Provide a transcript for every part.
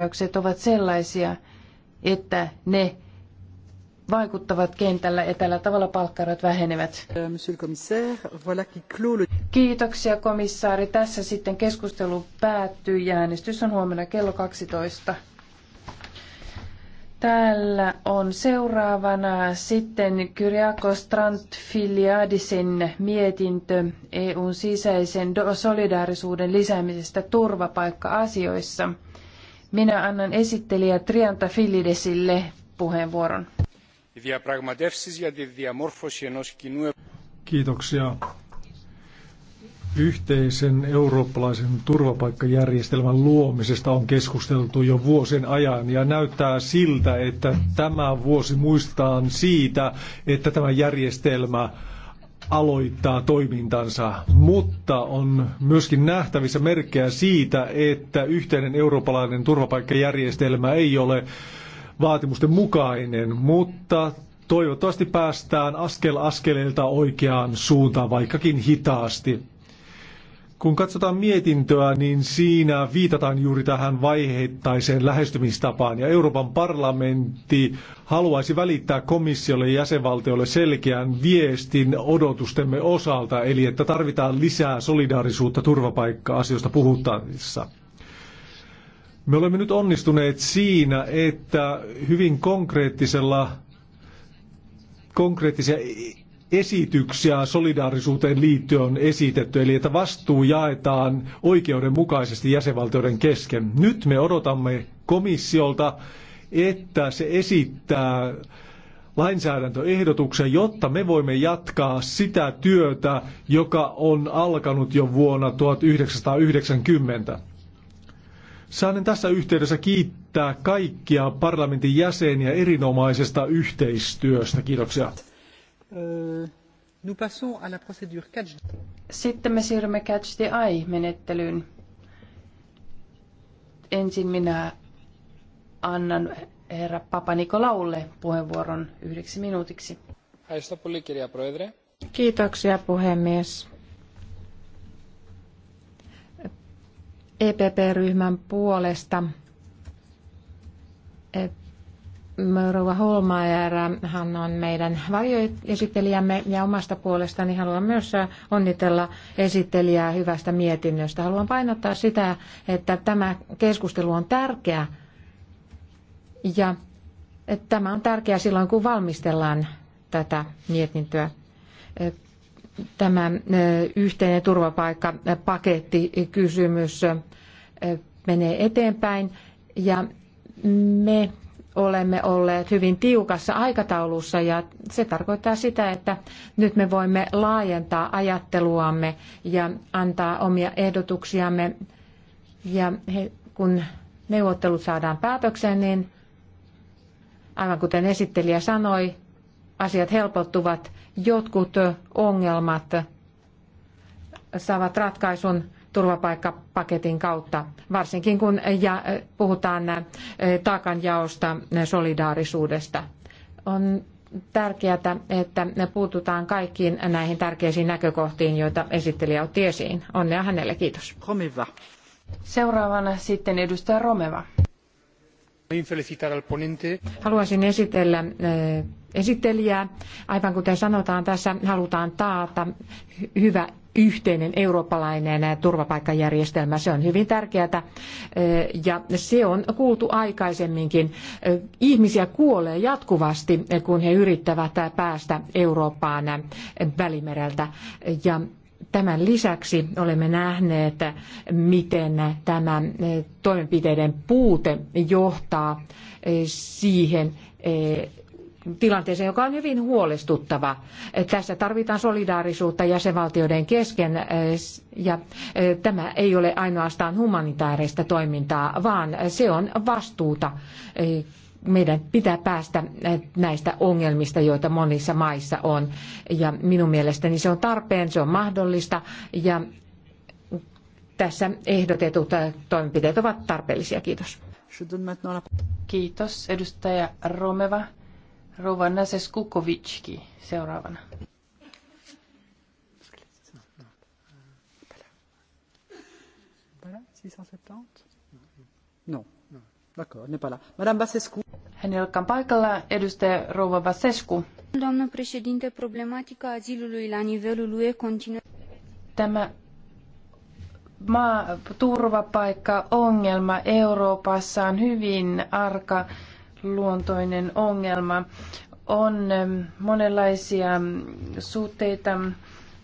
hyökkäykset ovat sellaisia, että ne vaikuttavat kentällä ja tällä tavalla palkkarat vähenevät. Euh, Kiitoksia komissaari. Tässä sitten keskustelu päättyy ja äänestys on huomenna kello 12. Täällä on seuraavana sitten Kyriakos Trantfiliadisin mietintö EUn sisäisen solidaarisuuden lisäämisestä turvapaikka-asioissa. Minä annan esittelijä Trianta Filidesille puheenvuoron. Kiitoksia. Yhteisen eurooppalaisen turvapaikkajärjestelmän luomisesta on keskusteltu jo vuosien ajan ja näyttää siltä, että tämä vuosi muistetaan siitä, että tämä järjestelmä aloittaa toimintansa, mutta on myöskin nähtävissä merkkejä siitä, että yhteinen eurooppalainen turvapaikkajärjestelmä ei ole vaatimusten mukainen, mutta toivottavasti päästään askel askeleelta oikeaan suuntaan, vaikkakin hitaasti. Kun katsotaan mietintöä, niin siinä viitataan juuri tähän vaiheittaiseen lähestymistapaan. Ja Euroopan parlamentti haluaisi välittää komissiolle ja jäsenvaltioille selkeän viestin odotustemme osalta, eli että tarvitaan lisää solidaarisuutta turvapaikka-asioista puhuttaessa. Me olemme nyt onnistuneet siinä, että hyvin konkreettisella konkreettisia esityksiä solidaarisuuteen liittyen on esitetty, eli että vastuu jaetaan oikeudenmukaisesti jäsenvaltioiden kesken. Nyt me odotamme komissiolta, että se esittää lainsäädäntöehdotuksen, jotta me voimme jatkaa sitä työtä, joka on alkanut jo vuonna 1990. Saanen tässä yhteydessä kiittää kaikkia parlamentin jäseniä erinomaisesta yhteistyöstä. Kiitoksia. Euh, Sitten me siirrymme Catch the Eye-menettelyyn. Ensin minä annan herra Papa Nikolaulle puheenvuoron yhdeksi minuutiksi. Kiitoksia puhemies. EPP-ryhmän puolesta Rouva Holmaer, hän on meidän varjoesittelijämme ja omasta puolestani haluan myös onnitella esittelijää hyvästä mietinnöstä. Haluan painottaa sitä, että tämä keskustelu on tärkeä ja että tämä on tärkeä silloin, kun valmistellaan tätä mietintöä. Tämä yhteinen turvapaikkapakettikysymys menee eteenpäin ja me olemme olleet hyvin tiukassa aikataulussa ja se tarkoittaa sitä, että nyt me voimme laajentaa ajatteluamme ja antaa omia ehdotuksiamme. Ja he, kun neuvottelut saadaan päätökseen, niin aivan kuten esittelijä sanoi, asiat helpottuvat. Jotkut ongelmat saavat ratkaisun turvapaikkapaketin kautta, varsinkin kun eh, eh, puhutaan eh, taakanjaosta solidaarisuudesta. On tärkeää, että puututaan kaikkiin näihin tärkeisiin näkökohtiin, joita esittelijä otti esiin. Onnea hänelle, kiitos. Seuraavana sitten edustaja Romeva. Haluaisin esitellä eh, esittelijää. Aivan kuten sanotaan, tässä halutaan taata hyvä yhteinen eurooppalainen turvapaikkajärjestelmä. Se on hyvin tärkeää eh, ja se on kuultu aikaisemminkin. Eh, ihmisiä kuolee jatkuvasti, kun he yrittävät päästä Eurooppaan välimereltä ja Tämän lisäksi olemme nähneet, miten tämä eh, toimenpiteiden puute johtaa eh, siihen eh, tilanteeseen, joka on hyvin huolestuttava. Tässä tarvitaan solidaarisuutta jäsenvaltioiden kesken ja tämä ei ole ainoastaan humanitaarista toimintaa, vaan se on vastuuta meidän pitää päästä eh, näistä ongelmista, joita monissa maissa on. Ja minun mielestäni se on tarpeen, se on mahdollista ja tässä ehdotetut eh, toimenpiteet ovat tarpeellisia. Kiitos. Kiitos. Edustaja Romeva. Rova Naseskukovicki seuraavana. Non. D'accord, n'est pas là. Madame Basescu. Hän ei paikalla. Edustaja Rouva Vasescu. Doamnă președinte, problematica azilului la nivelul UE continuă. Tämä maa, turvapaikka-ongelma Euroopassa on hyvin arka luontoinen ongelma. On monenlaisia suhteita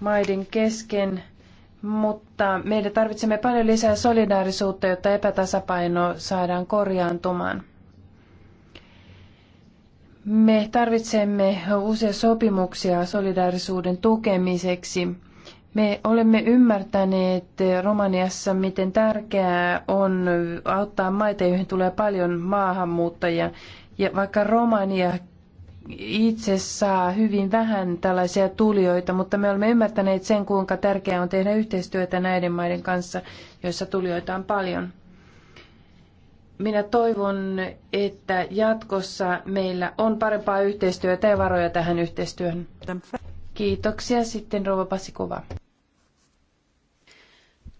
maiden kesken, mutta meidän tarvitsemme paljon lisää solidaarisuutta, jotta epätasapaino saadaan korjaantumaan. Me tarvitsemme uusia sopimuksia solidaarisuuden tukemiseksi. Me olemme ymmärtäneet Romaniassa, miten tärkeää on auttaa maita, joihin tulee paljon maahanmuuttajia. Ja vaikka Romania itse saa hyvin vähän tällaisia tulijoita, mutta me olemme ymmärtäneet sen, kuinka tärkeää on tehdä yhteistyötä näiden maiden kanssa, joissa tulijoita on paljon. Minä toivon, että jatkossa meillä on parempaa yhteistyötä ja varoja tähän yhteistyöhön. Kiitoksia. Sitten rouva Pasikova.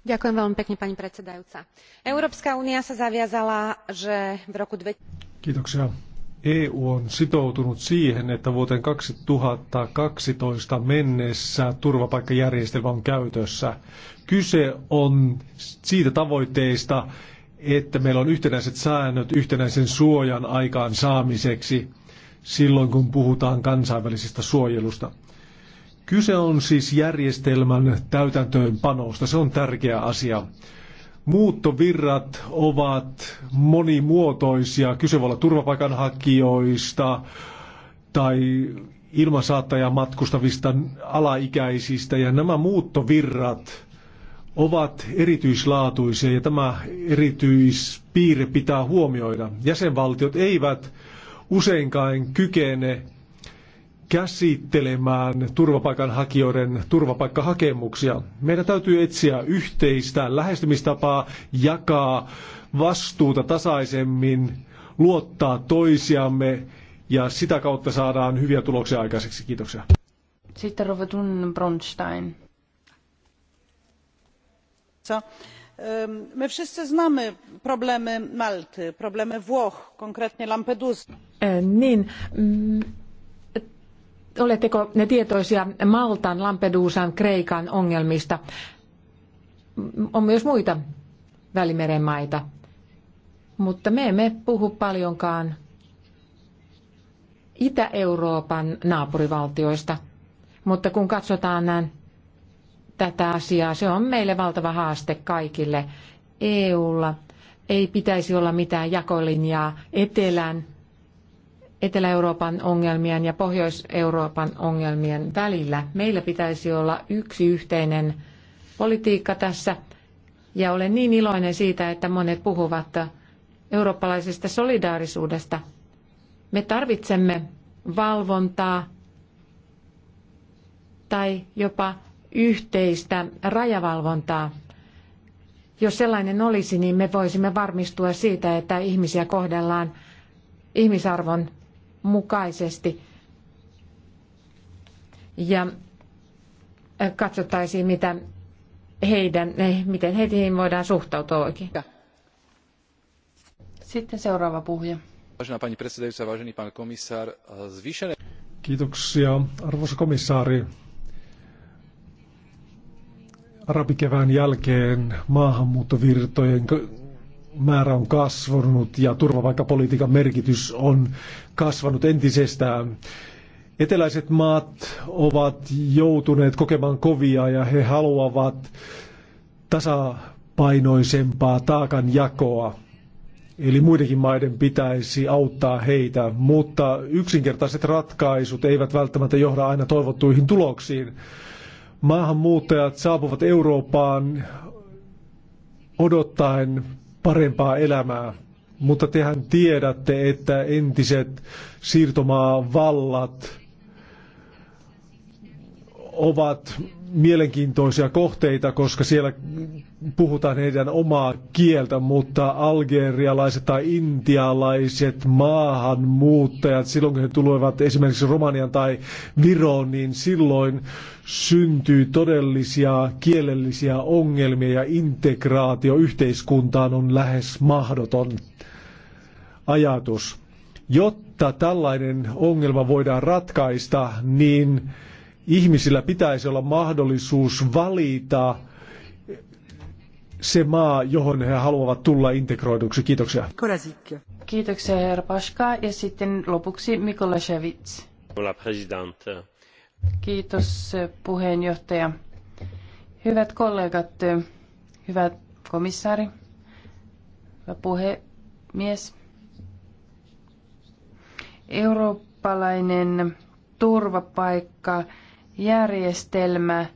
Ďakujem veľmi pekne, pani predsedajúca. Európska únia sa zaviazala, že v roku... Kiitoksia. EU on sitoutunut siihen, että vuoteen 2012 mennessä turvapaikkajärjestelmä on käytössä. Kyse on siitä tavoitteista, että meillä on yhtenäiset säännöt yhtenäisen suojan aikaan saamiseksi silloin, kun puhutaan kansainvälisestä suojelusta. Kyse on siis järjestelmän täytäntöönpanosta. Se on tärkeä asia. Muuttovirrat ovat monimuotoisia. Kyse voi olla turvapaikanhakijoista tai ilmansaattajan matkustavista alaikäisistä. Ja nämä muuttovirrat ovat erityislaatuisia ja tämä erityispiirre pitää huomioida. Jäsenvaltiot eivät useinkaan kykene käsittelemään turvapaikanhakijoiden turvapaikkahakemuksia. Meidän täytyy etsiä yhteistä lähestymistapaa, jakaa vastuuta tasaisemmin, luottaa toisiamme ja sitä kautta saadaan hyviä tuloksia aikaiseksi. Kiitoksia. Sitten Rovetun Bronstein my wszyscy znamy problemy malty problemy włoch konkretnie lampedusy. E, niin mm, oletteko tietoisia maltan lampedusan kreikan ongelmista? Mm, on myös muita välimeren maita mutta me emme puhu paljonkaan Itä-Euroopan naapurivaltioista. Mutta kun katsotaan tätä asiaa. Se on meille valtava haaste kaikille. EUlla ei pitäisi olla mitään jakolinjaa etelän, Etelä-Euroopan ongelmien ja Pohjois-Euroopan ongelmien välillä. Meillä pitäisi olla yksi yhteinen politiikka tässä. Ja olen niin iloinen siitä, että monet puhuvat eurooppalaisesta solidaarisuudesta. Me tarvitsemme valvontaa tai jopa yhteistä rajavalvontaa. Jos sellainen olisi, niin me voisimme varmistua siitä, että ihmisiä kohdellaan ihmisarvon mukaisesti. Ja katsottaisiin, mitä heidän, miten heihin niin voidaan suhtautua oikein. Sitten seuraava puhuja. Kiitoksia, arvoisa komissaari arabikevään jälkeen maahanmuuttovirtojen määrä on kasvanut ja turvapaikkapolitiikan merkitys on kasvanut entisestään. Eteläiset maat ovat joutuneet kokemaan kovia ja he haluavat tasapainoisempaa taakanjakoa. Eli muidenkin maiden pitäisi auttaa heitä, mutta yksinkertaiset ratkaisut eivät välttämättä johda aina toivottuihin tuloksiin. Maahanmuuttajat saapuvat Eurooppaan odottaen parempaa elämää, mutta tehän tiedätte, että entiset siirtomaavallat ovat mielenkiintoisia kohteita, koska siellä puhutaan heidän omaa kieltä, mutta algerialaiset tai intialaiset maahanmuuttajat, silloin kun he tulevat esimerkiksi Romanian tai Viroon, niin silloin syntyy todellisia kielellisiä ongelmia ja integraatio yhteiskuntaan on lähes mahdoton ajatus. Jotta tällainen ongelma voidaan ratkaista, niin ihmisillä pitäisi olla mahdollisuus valita se maa, johon he haluavat tulla integroiduksi. Kiitoksia. Kiitoksia, herra Paska. Ja sitten lopuksi Mikolasevits. Kiitos, puheenjohtaja. Hyvät kollegat, hyvä komissaari, hyvä puhemies. Eurooppalainen turvapaikka järjestelmä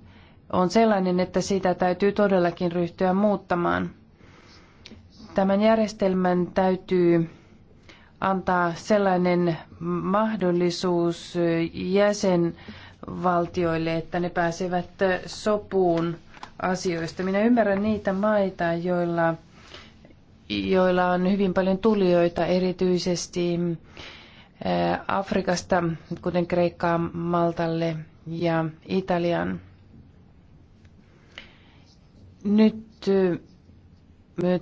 on sellainen, että sitä täytyy todellakin ryhtyä muuttamaan. Tämän järjestelmän täytyy antaa sellainen mahdollisuus jäsenvaltioille, että ne pääsevät sopuun asioista. Minä ymmärrän niitä maita, joilla, joilla on hyvin paljon tulijoita, erityisesti Afrikasta, kuten Kreikkaan, Maltalle ja Italiaan. Nyt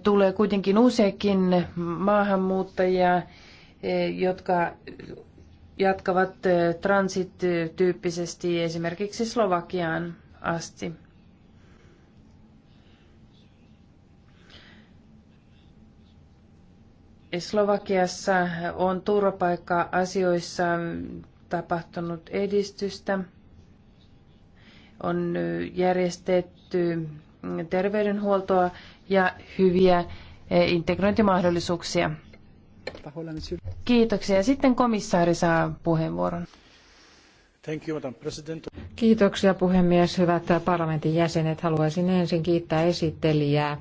tulee kuitenkin useakin maahanmuuttajia, jotka jatkavat transit-tyyppisesti esimerkiksi Slovakiaan asti. Slovakiassa on turvapaikka-asioissa tapahtunut edistystä. On järjestetty terveydenhuoltoa ja hyviä eh, integrointimahdollisuuksia. Kiitoksia. Sitten komissaari saa puheenvuoron. Kiitoksia puhemies. Hyvät parlamentin jäsenet, haluaisin ensin kiittää esittelijää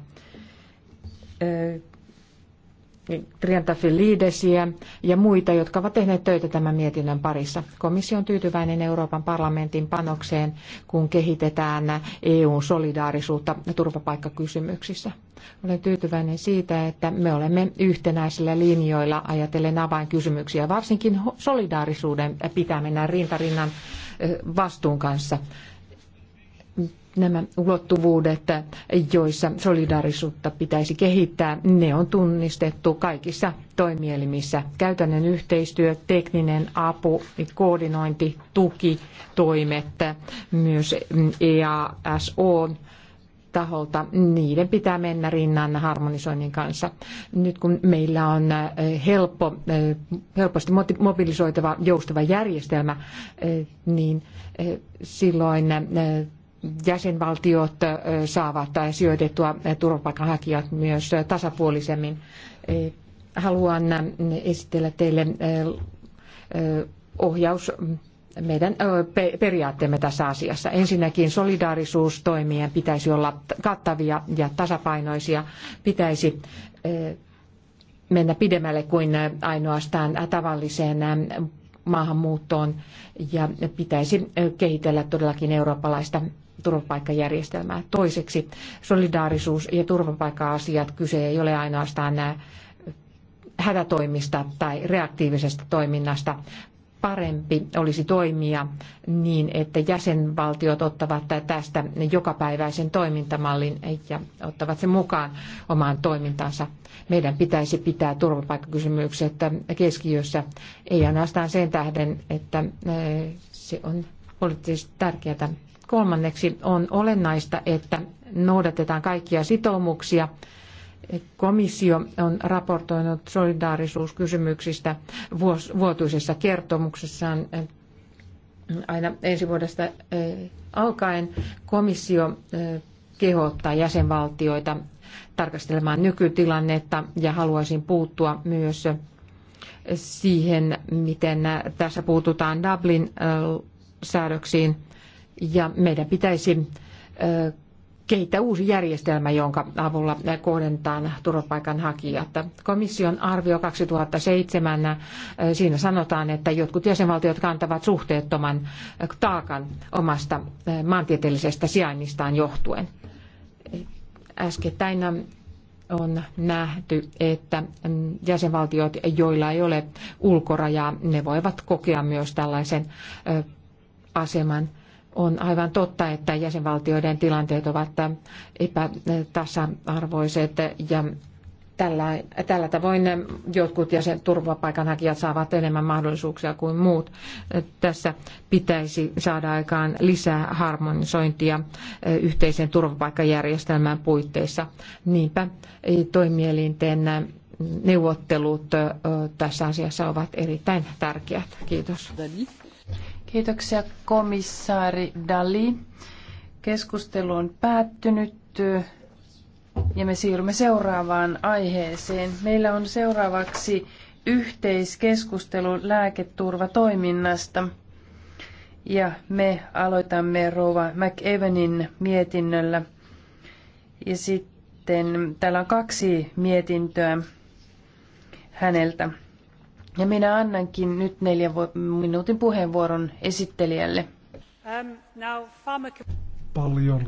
eh, Triantafilidesiä ja muita, jotka ovat tehneet töitä tämän mietinnön parissa. Komissio on tyytyväinen Euroopan parlamentin panokseen, kun kehitetään EUn solidaarisuutta turvapaikkakysymyksissä. Olen tyytyväinen siitä, että me olemme yhtenäisillä linjoilla ajatellen avainkysymyksiä, varsinkin solidaarisuuden pitää mennä rintarinnan vastuun kanssa nämä ulottuvuudet, joissa solidaarisuutta pitäisi kehittää, ne on tunnistettu kaikissa toimielimissä. Käytännön yhteistyö, tekninen apu, koordinointi, tuki, toimet, myös EASO taholta, niiden pitää mennä rinnan harmonisoinnin kanssa. Nyt kun meillä on äh, helppo, äh, helposti mobilisoitava joustava järjestelmä, äh, niin silloin jäsenvaltiot saavat sijoitettua turvapaikanhakijat myös tasapuolisemmin. E, haluan esitellä teille ohjaus meidän periaatteemme tässä asiassa. Ensinnäkin solidaarisuustoimien pitäisi olla kattavia ja tasapainoisia. Pitäisi mennä pidemmälle kuin ainoastaan tavalliseen maahanmuuttoon ja pitäisi kehitellä todellakin eurooppalaista turvapaikkajärjestelmää. Toiseksi solidaarisuus ja turvapaikka-asiat kyse ei ole ainoastaan nämä äh, hätätoimista tai reaktiivisesta toiminnasta. Parempi olisi toimia niin, että jäsenvaltiot ottavat tästä jokapäiväisen toimintamallin ja ottavat sen mukaan omaan toimintansa. Meidän pitäisi pitää turvapaikkakysymykset keskiössä, ei ainoastaan sen tähden, että äh, se on poliittisesti tärkeää Kolmanneksi on olennaista, että noudatetaan kaikkia sitoumuksia. Komissio on raportoinut solidaarisuuskysymyksistä vuotuisessa kertomuksessaan äh, aina ensi vuodesta äh, alkaen. Komissio äh, kehottaa jäsenvaltioita tarkastelemaan nykytilannetta ja haluaisin puuttua myös siihen, miten tässä puututaan Dublin säädöksiin – ja meidän pitäisi kehittää uusi järjestelmä, jonka avulla kohdentaan turvapaikanhakijat. Komission arvio 2007, siinä sanotaan, että jotkut jäsenvaltiot kantavat suhteettoman taakan omasta maantieteellisestä sijainnistaan johtuen. Äskettäin on nähty, että jäsenvaltiot, joilla ei ole ulkorajaa, ne voivat kokea myös tällaisen aseman – on aivan totta, että jäsenvaltioiden tilanteet ovat epätasa-arvoiset ja tällä, tällä tavoin jotkut jäsen, turvapaikanhakijat saavat enemmän mahdollisuuksia kuin muut. Tässä pitäisi saada aikaan lisää harmonisointia yhteisen turvapaikkajärjestelmän puitteissa. Niinpä toimielinten neuvottelut tässä asiassa ovat erittäin tärkeät. Kiitos. Kiitoksia komissaari Dali. Keskustelu on päättynyt eh, ja me siirrymme seuraavaan aiheeseen. Meillä on seuraavaksi yhteiskeskustelu lääketurvatoiminnasta. Ja me aloitamme Rova McEvenin mietinnöllä. Ja sitten täällä on kaksi mietintöä häneltä. Ja minä annankin nyt neljän minuutin puheenvuoron esittelijälle. Um, now, Paljon